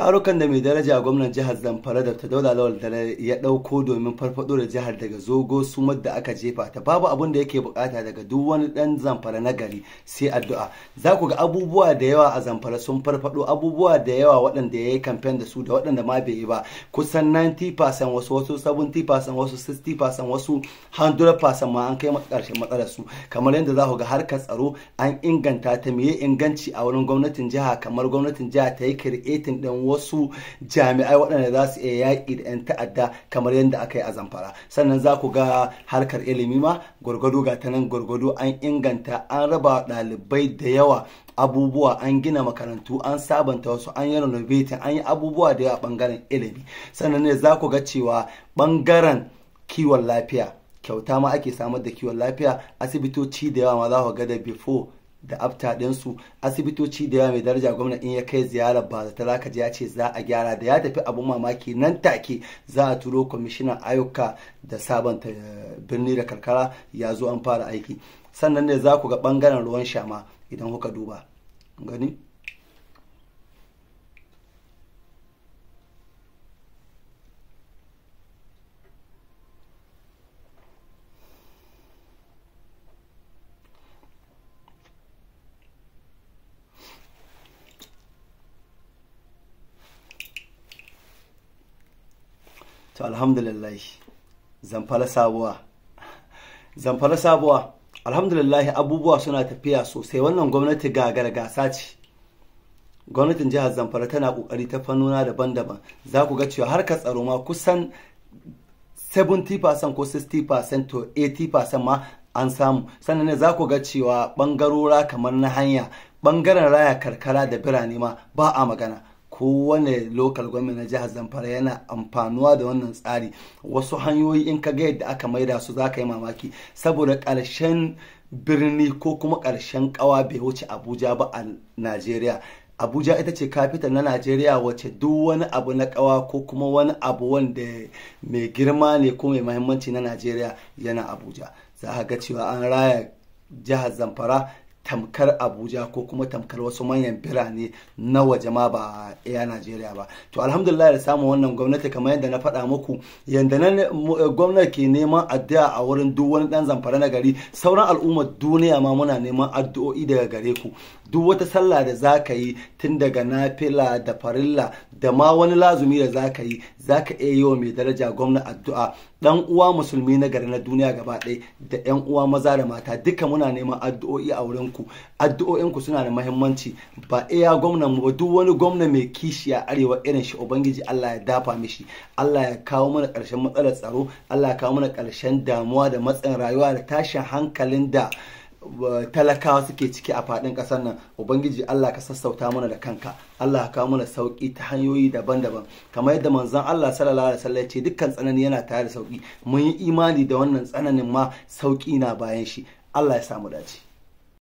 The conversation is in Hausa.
tarukan da mai daraja gwamnan jihar zamfara da daula lawal dare ya dauko domin farfado da jihar daga zogo sumar da aka jefa ta babu abin da yake bukata daga duk wani dan zamfara na gari sai addu'a za ku ga abubuwa da yawa a zamfara sun farfado abubuwa da yawa waɗanda ya yi kamfen da su da waɗanda ma bai yi ba kusan 90% wasu wasu 70% wasu 60% wasu 100% ma an kai ƙarshen matsalar su kamar yadda za ku ga harkar tsaro an inganta ta me inganci a wurin gwamnatin jiha kamar gwamnatin jiha ta yi kiretin ɗin wasu jami'ai waɗanda za su iya yaƙi da 'yan ta'adda kamar yadda aka yi a zamfara sannan za ku ga harkar ilimi ma gwargwado ga ta nan gwargwado an inganta an raba ɗalibai da yawa abubuwa an gina makarantu an sabanta wasu an yi renovation an yi abubuwa da yawa ɓangaren ilimi sannan ne za ku ga cewa ɓangaren kiwon lafiya kyauta ma ake samar da kiwon lafiya asibitoci da yawa ma za ku ga da before da afta ɗinsu asibitoci da yawa mai daraja gwamna in ya kai ziyarar ba ta ka je ya ce za a gyara da ya tafi abun mamaki nan take za a turo kwamishinan ayyuka da sabon eh, birni da karkara ya zo an fara aiki sannan ne za ku ga ɓangaren ruwan shama idan kuka duba gani to alhamdulillah zamfara sabuwa zamfara sabuwa alhamdulillah abubuwa suna tafiya sosai wannan gwamnati gagar gasa ce gwamnatin jihar zamfara tana kokari ta fannuna daban-daban za ku ga cewa harkar tsaro ma kusan 70% ko 60% to 80% ma an samu sannan ne za ku ga cewa bangarora kamar na hanya bangaren raya karkara da birane ma ba a magana kowane lokal government na jihar zamfara yana amfanuwa da wannan tsari wasu hanyoyi in ka ga yadda aka maida su za ka yi mamaki saboda ƙarshen birni ko kuma ƙarshen ƙawa bai wuce abuja ba a najeriya abuja ita ce kafital na najeriya wacce duk wani abu na kawa ko kuma wani abu wanda mai girma ne ko mai mahimmanci na najeriya yana abuja za a ga cewa an raya jihar zamfara tamkar abuja ko kuma tamkar wasu manyan birane na waje ma ba iya najeriya ba to alhamdulillah da samun wannan gwamnati kamar yadda na faɗa muku yadda na eh, gwamnati ke neman addu'a a wurin duk wani ɗan zamfara na gari sauran al'ummar duniya ma muna neman addu'o'i daga gare ku duk wata sallah da za ka yi tun daga nafila da farilla da ma wani lazumi da za ka yi za ka iya yi wa mai daraja gwamnati addu'a dan uwa musulmi na gari na duniya gaba ɗaya da yan uwa maza da mata duka muna neman addu'o'i a wurin ku addu'o'in ku suna da muhimmanci ba iya gwamnan mu ba duk wani gwamna mai kishi a arewa irin shi ubangiji Allah ya dafa mishi Allah ya kawo mana karshen matsalar tsaro Allah ya kawo mana karshen damuwa da matsin rayuwa da tashin hankalin da talakawa suke ciki a faɗin ƙasar nan ubangiji Allah ka sassauta mana da kanka Allah ka mana sauƙi ta hanyoyi daban-daban kamar yadda manzon Allah sallallahu alaihi wasallam ce dukkan tsanani yana tare da sauki mun yi imani da wannan tsananin ma sauƙi na bayan shi Allah ya samu dace